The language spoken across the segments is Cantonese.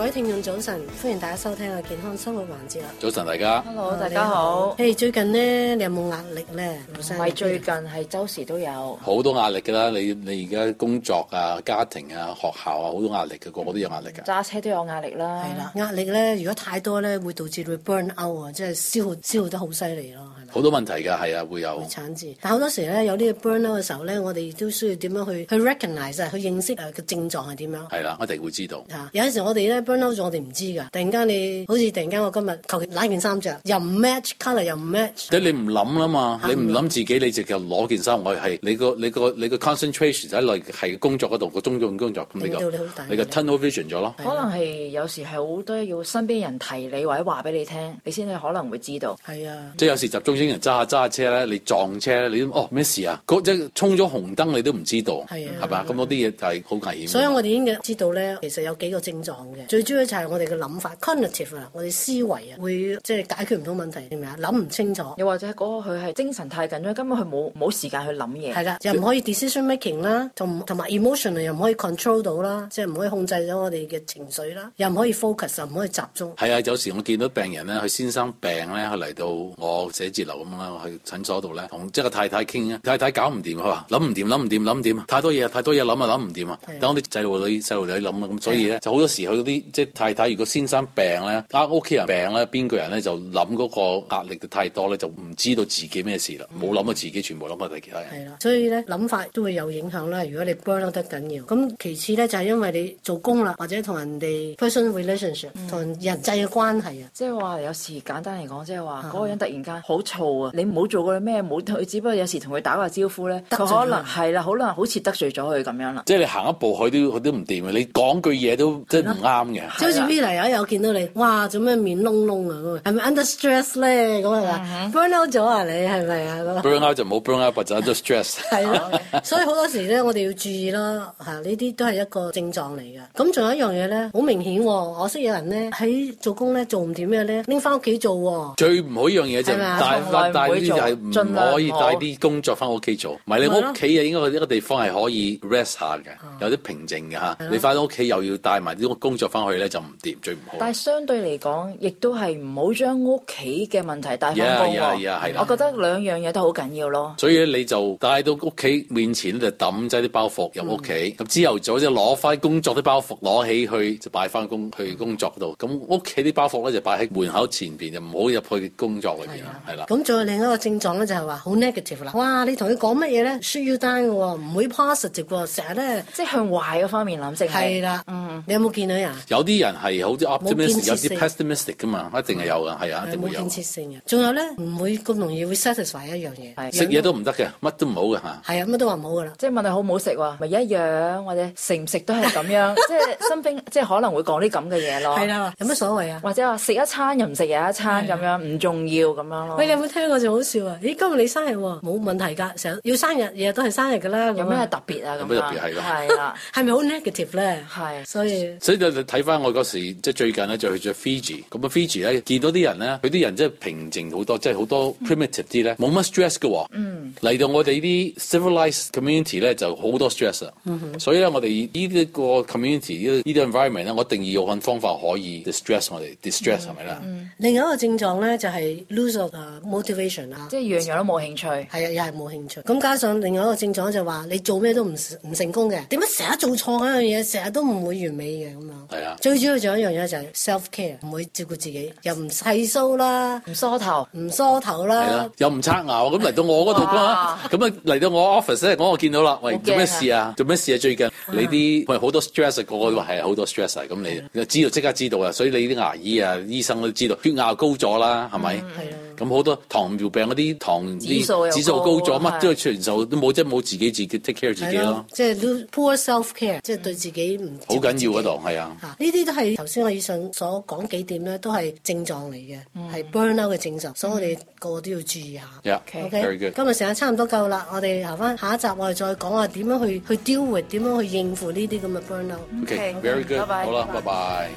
各位聽眾早晨，歡迎大家收聽我健康生活環節。早晨大家，Hello，oh, 大家好。誒，hey, 最近呢，你有冇壓力咧？唔係最近，係周時都有好多壓力㗎啦。你你而家工作啊、家庭啊、學校啊，好多壓力㗎，個個都有壓力㗎。揸車都有壓力啦。係啦，壓力咧，如果太多咧，會導致你 burn out 啊，即係消耗消耗得好犀利咯。好多問題㗎，係啊，會有會產生。但好多時咧，有啲 burn out 嘅時候咧，我哋都需要點樣去去 recognize 去認識佢、啊、個症狀係點樣？係啦，我哋會知道嚇。有陣時我哋咧。我哋唔知噶。突然間你，你好似突然間，我今日求其拉件衫着，又唔 match color 又唔 match、嗯。即係你唔諗啦嘛，面你唔諗自己，你直接攞件衫，我係你個你個你個 concentration 就喺內係工作嗰度個中段工作，工作工作令到你好你個的 tunnel vision 咗咯。可能係有時係好多要身邊人提你或者話俾你聽，你先至可能會知道。係啊，即係有時集中啲人揸下揸下車咧，你撞車咧，你都哦咩事啊？即係衝咗紅燈，你都唔知道，係啊，係嘛吧？咁嗰啲嘢就係好危險。所以我哋已經知道咧，其實有幾個症狀嘅。最主要就係我哋嘅諗法，cognitive 啊，itive，我哋思維啊，會即係解決唔到問題，知唔知啊？諗唔清楚，又或者嗰個佢係精神太緊張，根本佢冇冇時間去諗嘢。係啦的，以又唔可以 decision making 啦，同同埋 emotion 啊，又唔可以 control 到啦，即係唔可以控制咗我哋嘅情緒啦，又唔可以 focus 又唔可以集中。係啊，有時我見到病人咧，佢先生病咧，佢嚟到我寫字樓咁樣啦，去診所度咧，同即係個太太傾啊，太太搞唔掂佢，話諗唔掂，諗唔掂，諗唔掂啊，太多嘢，太多嘢諗啊，諗唔掂啊！當啲仔女細路仔諗啊，咁所以咧的就好多時佢嗰啲。即太太，如果先生病咧，啊屋企人病咧，邊個人咧就諗嗰個壓力就太多咧，就唔知道自己咩事啦，冇諗到自己，全部諗到佢其他人。係啦，所以咧諗法都會有影響啦。如果你 burn out 得緊要，咁其次咧就係、是、因為你做工啦，或者同人哋 person relations 同人際嘅關係啊、嗯嗯嗯。即係話有時簡單嚟講即係話嗰個人突然間好燥啊，你唔好做過咩，冇佢，只不過有時同佢打個招呼咧，可能係啦，可能好似得罪咗佢咁樣啦。即係你行一步，佢都佢都唔掂啊！你講句嘢都即係唔啱嘅。就好似 Vita 有一日我見到你，哇！做咩面窿窿啊？係咪 under stress 咧？咁啊，burn out 咗啊？你係咪啊？burn out 就冇 burn out，或者 under stress。係咯，所以好多時咧，我哋要注意咯。嚇，呢啲都係一個症狀嚟嘅。咁仲有一樣嘢咧，好明顯，我識有人咧喺做工咧做唔掂嘅咧，拎翻屋企做喎。最唔好一樣嘢就係帶，帶呢啲就係唔可以帶啲工作翻屋企做。唔係你屋企啊，應該一個地方係可以 rest 下嘅，有啲平靜嘅嚇。你翻到屋企又要帶埋啲工作翻去。佢咧就唔掂，最唔好。但係相對嚟講，亦都係唔好將屋企嘅問題帶翻工喎、啊。Yeah, yeah, yeah, 我覺得兩樣嘢都好緊要咯。所以你就帶到屋企面前咧，就揼曬啲包袱入屋企。咁、嗯、之後早攞翻工作啲包袱攞起去，就擺翻工去工作嗰度。咁屋企啲包袱咧就擺喺門口前面，就唔好入去工作嗰面。啦的。係啦的。咁仲有另一個症狀咧就係、是、話好 negative 啦。哇！你同佢講乜嘢咧？需要單嘅喎，唔會 positive 喎、哦。成日咧即係向壞嘅方面諗，淨係啦。嗯，你有冇見到人？有啲人係好似 optimistic，有啲 pessimistic 㗎嘛，一定係有㗎，係啊，一定會有。冇建設性嘅。仲有咧，唔會咁容易會 satisfy 一樣嘢。食嘢都唔得嘅，乜都唔好嘅嚇。係啊，乜都話唔好㗎啦。即係問你好唔好食喎，咪一樣，或者食唔食都係咁樣。即係身邊，即係可能會講啲咁嘅嘢咯。係啦，有乜所謂啊？或者話食一餐又唔食又一餐咁樣，唔重要咁樣咯。喂，你有冇聽過就好笑啊？咦，今日你生日喎，冇問題㗎，成日要生日，日日都係生日㗎啦。有咩特別啊？有咩特別係㗎？係啦，係咪好 negative 咧？係，所以所以睇翻。我嗰時即最近咧就去咗 Fiji。咁啊 Fiji 咧見到啲人咧，佢啲人真係平靜好多，即係好多 primitive 啲咧，冇乜 stress 嘅。嗯。嚟到我哋呢啲 civilized community 咧，就好多 stress 啦。嗯哼。所以咧，我哋呢啲個 community 呢啲 environment 咧，我定義個方法可以 distress 我哋，distress 係咪啦？另一個症狀咧就係、係、lose of motivation 啦，即係樣樣都冇興趣，係啊，又係冇興趣。咁加上另外一個症狀就話你做咩都唔唔成功嘅，點解成日做錯樣樣嘢，成日都唔會完美嘅咁啊。係啊。最主要仲有一樣嘢就係 self care，唔會照顧自己，又唔剃須啦，唔梳頭，唔梳頭啦，又唔刷牙，咁嚟到我嗰度啦。咁啊嚟到我 office 咧，我見到啦，喂，做咩事啊？做咩事啊？最近你啲好多 stress 啊 st 哇，個個都係好多 stress 咁你就知道即刻知道啊，所以你啲牙醫啊、醫生都知道，血壓高咗啦，係咪？嗯咁好多糖尿病嗰啲糖指數指數高咗乜？都係全數都冇，即係冇自己自己 take care 自己咯。即係 poor self care，即係對自己唔好緊要嗰度，係啊。嚇，呢啲都係頭先我以上所講幾點咧，都係症狀嚟嘅，係 burnout 嘅症狀，所以我哋個個都要注意下。OK，今日時間差唔多夠啦，我哋行翻下一集，我哋再講下點樣去去 deal with 點樣去應付呢啲咁嘅 burnout。OK very good。拜拜。好啦，拜拜。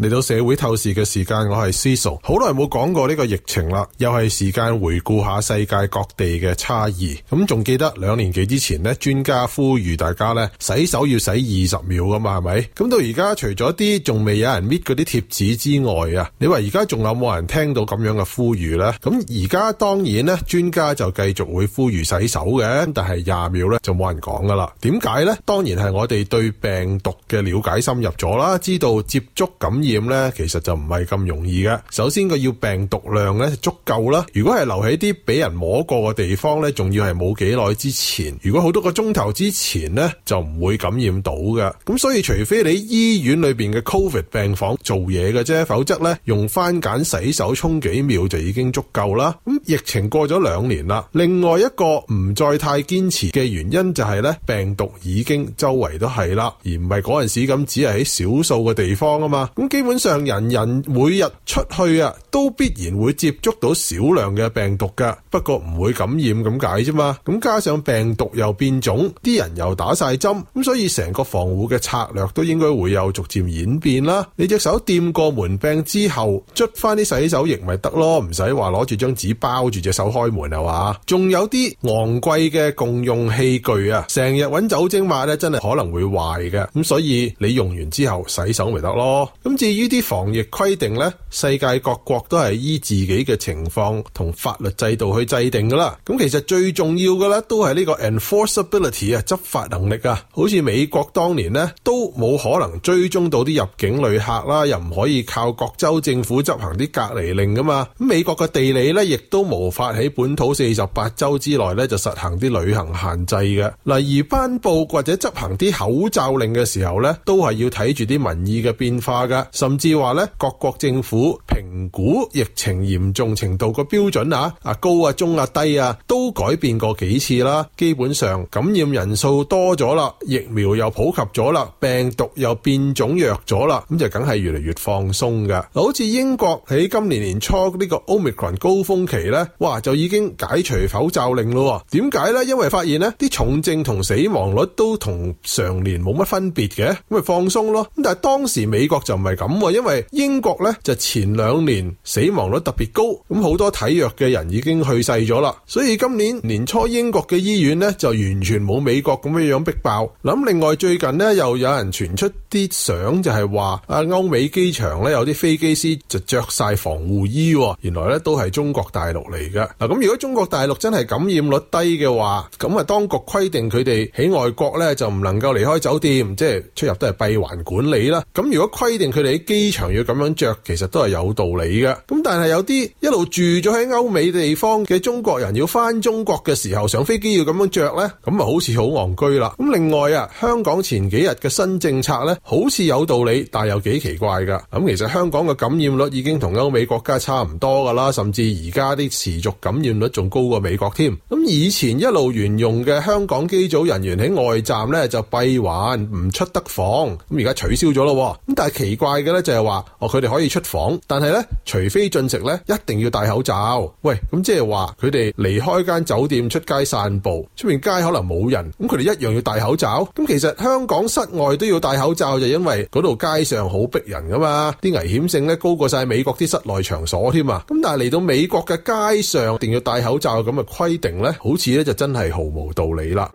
嚟到社會透視嘅時間，我係思素，好耐冇講過呢個疫情啦，又係時間回顧下世界各地嘅差異。咁仲記得兩年幾之前呢，專家呼籲大家呢洗手要洗二十秒噶嘛，係咪？咁到而家，除咗啲仲未有人搣嗰啲貼紙之外啊，你話而家仲有冇人聽到咁樣嘅呼籲呢？咁而家當然呢，專家就繼續會呼籲洗手嘅，但係廿秒呢就冇人講噶啦。點解呢？當然係我哋對病毒嘅了解深入咗啦，知道接觸感染。感染咧，其實就唔係咁容易嘅。首先佢要病毒量咧足夠啦。如果係留喺啲俾人摸過嘅地方咧，仲要係冇幾耐之前。如果好多個鐘頭之前咧，就唔會感染到嘅。咁所以除非你醫院裏邊嘅 COVID 病房做嘢嘅啫，否則咧用番梘洗手沖幾秒就已經足夠啦。咁疫情過咗兩年啦，另外一個唔再太堅持嘅原因就係咧，病毒已經周圍都係啦，而唔係嗰陣時咁只係喺少數嘅地方啊嘛。咁基本上人人每日出去啊，都必然會接觸到少量嘅病毒噶，不過唔會感染咁解啫嘛。咁加上病毒又變種，啲人又打晒針，咁所以成個防護嘅策略都應該會有逐漸演變啦。你隻手掂過門柄之後，捽翻啲洗手液咪得咯，唔使話攞住張紙包住隻手開門係嘛？仲有啲昂貴嘅共用器具啊，成日揾酒精抹咧，真係可能會壞嘅。咁所以你用完之後洗手咪得咯。咁。至於啲防疫規定咧，世界各國都係依自己嘅情況同法律制度去制定噶啦。咁其實最重要嘅咧，都係呢個 enforceability 啊，執法能力啊。好似美國當年咧，都冇可能追蹤到啲入境旅客啦，又唔可以靠各州政府執行啲隔離令噶嘛。美國嘅地理咧，亦都無法喺本土四十八州之內咧就實行啲旅行限制嘅。例而頒布或者執行啲口罩令嘅時候咧，都係要睇住啲民意嘅變化噶。甚至話咧，各國政府評估疫情嚴重程度個標準啊，啊高啊、中啊、低啊，都改變過幾次啦。基本上感染人數多咗啦，疫苗又普及咗啦，病毒又變種弱咗啦，咁就梗係越嚟越放鬆噶。好似英國喺今年年初呢個 Omicron 高峰期咧，哇，就已經解除口罩令咯。點解咧？因為發現呢啲重症同死亡率都同常年冇乜分別嘅，咁咪放鬆咯。咁但係當時美國就唔係。咁啊，因為英國咧就前兩年死亡率特別高，咁好多體弱嘅人已經去世咗啦，所以今年年初英國嘅醫院咧就完全冇美國咁嘅樣逼爆。咁另外最近咧又有人傳出啲相，就係話啊歐美機場咧有啲飛機師就着晒防護衣，原來咧都係中國大陸嚟㗎。嗱，咁如果中國大陸真係感染率低嘅話，咁啊當局規定佢哋喺外國咧就唔能夠離開酒店，即係出入都係閉環管理啦。咁如果規定佢哋喺機場要咁樣着，其實都係有道理嘅。咁但係有啲一路住咗喺歐美地方嘅中國人，要翻中國嘅時候上飛機要咁樣着呢，咁啊好似好戇居啦。咁另外啊，香港前幾日嘅新政策呢，好似有道理，但係又幾奇怪噶。咁其實香港嘅感染率已經同歐美國家差唔多噶啦，甚至而家啲持續感染率仲高過美國添。咁以前一路沿用嘅香港機組人員喺外站呢，就閉環唔出得房，咁而家取消咗咯。咁但係奇怪。嘅咧就係話哦，佢哋可以出房，但係咧除非進食咧，一定要戴口罩。喂，咁即係話佢哋離開間酒店出街散步，出面街可能冇人，咁佢哋一樣要戴口罩。咁其實香港室外都要戴口罩，就因為嗰度街上好逼人噶嘛，啲危險性咧高過晒美國啲室內場所添啊。咁但係嚟到美國嘅街上，一定要戴口罩咁嘅規定咧，好似咧就真係毫無道理啦。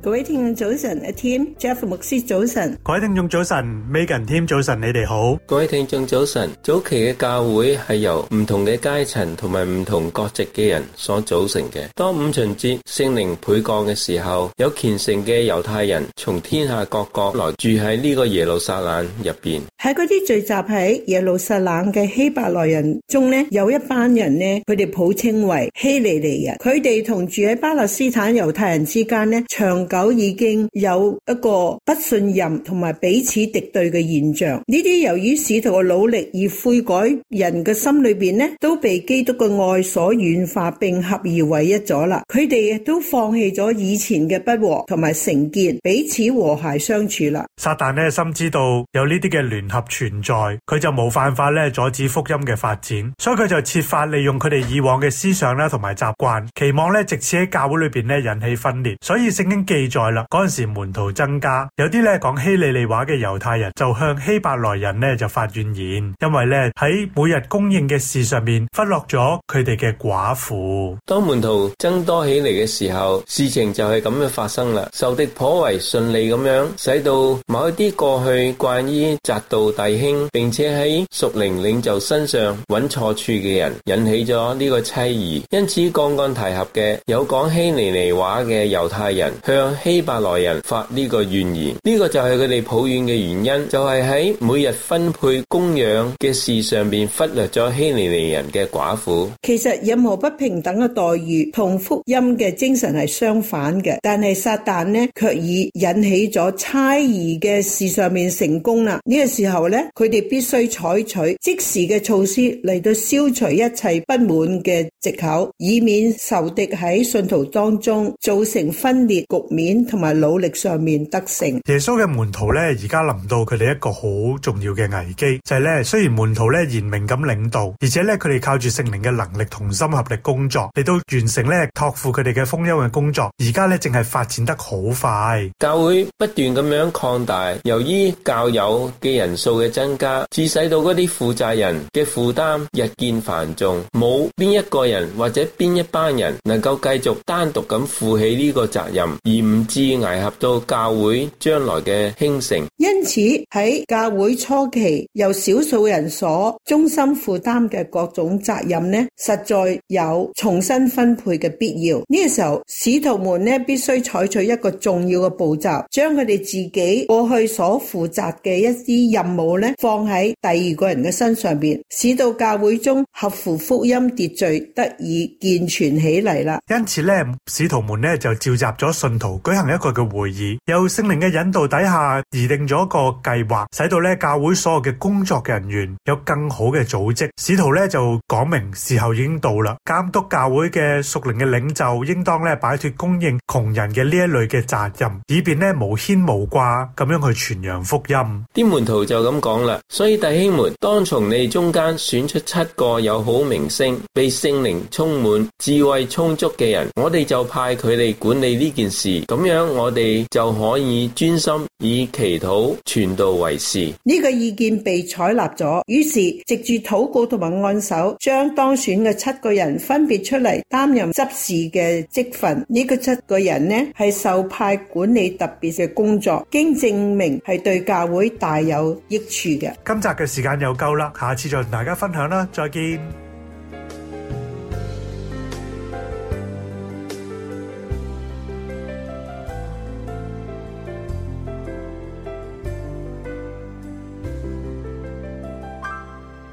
各位聽眾早晨，阿 Tim、Jeff 牧師早晨，各位聽眾早晨，Megan Tim 早晨，你哋好，各位聽眾早晨。早期嘅教會係由唔同嘅階層同埋唔同國籍嘅人所組成嘅。當五旬節聖靈沛降嘅時候，有虔誠嘅猶太人從天下各國來住喺呢個耶路撒冷入邊。喺嗰啲聚集喺耶路撒冷嘅希伯來人中咧，有一班人咧，佢哋普稱為希利尼人。佢哋同住喺巴勒斯坦猶太人之間咧，常久已經有一個不信任同埋彼此敵對嘅現象，呢啲，由於使徒嘅努力而悔改，人嘅心裏邊呢都被基督嘅愛所軟化，並合而為一咗啦。佢哋都放棄咗以前嘅不和同埋成見，彼此和諧相處啦。撒旦呢深知道有呢啲嘅聯合存在，佢就冇辦法呢阻止福音嘅發展，所以佢就設法利用佢哋以往嘅思想啦同埋習慣，期望呢借此喺教會裏邊呢引起分裂。所以聖經記記載啦，嗰陣時門徒增加，有啲咧講希利尼話嘅猶太人就向希伯來人呢就發怨言，因為咧喺每日供應嘅事上面忽略咗佢哋嘅寡婦。當門徒增多起嚟嘅時候，事情就係咁樣發生啦。仇敵頗為順利咁樣，使到某一啲過去慣於責道弟兄，並且喺屬靈領袖身上揾錯處嘅人，引起咗呢個猜疑。因此剛剛提及嘅有講希利尼話嘅猶太人向希伯來人發呢個怨言，呢個就係佢哋抱怨嘅原因，就係喺每日分配供養嘅事上面忽略咗希利尼人嘅寡婦。其實任何不平等嘅待遇同福音嘅精神係相反嘅，但係撒但呢卻已引起咗猜疑嘅事上面成功啦。呢個時候呢，佢哋必須採取即時嘅措施嚟到消除一切不滿嘅借口，以免仇敵喺信徒當中造成分裂局面。面同埋努力上面得勝，耶穌嘅門徒咧，而家臨到佢哋一個好重要嘅危機，就係咧，雖然門徒咧嚴明咁領導，而且咧佢哋靠住聖靈嘅能力同心合力工作，嚟到完成咧託付佢哋嘅豐收嘅工作。而家咧正係發展得好快，教會不斷咁樣擴大，由於教友嘅人數嘅增加，致使到嗰啲負責人嘅負擔日見繁重，冇邊一個人或者邊一班人能夠繼續單獨咁負起呢個責任而，唔致危脅到教會將來嘅興盛，因此喺教會初期由少數人所忠心負擔嘅各種責任呢，實在有重新分配嘅必要。呢個時候，使徒們呢必須採取一個重要嘅步驟，將佢哋自己過去所負責嘅一啲任務呢放喺第二個人嘅身上邊，使到教會中合乎福音秩序得以健全起嚟啦。因此呢，使徒們呢就召集咗信徒。舉行一個嘅會議，由聖靈嘅引導底下擬定咗一個計劃，使到咧教會所有嘅工作人員有更好嘅組織。使徒咧就講明時候已經到啦，監督教會嘅屬靈嘅領袖應當咧擺脫供應窮人嘅呢一類嘅責任，以便咧無牽無掛咁樣去傳揚福音。啲門徒就咁講啦，所以弟兄們，當從你哋中間選出七個有好名聲、被聖靈充滿、智慧充足嘅人，我哋就派佢哋管理呢件事。咁樣我哋就可以專心以祈禱傳道為事。呢個意見被採納咗，於是藉住禱告同埋按手，將當選嘅七個人分別出嚟擔任執事嘅職份。呢個七個人呢係受派管理特別嘅工作，經證明係對教會大有益處嘅。今集嘅時間又夠啦，下次再同大家分享啦，再見。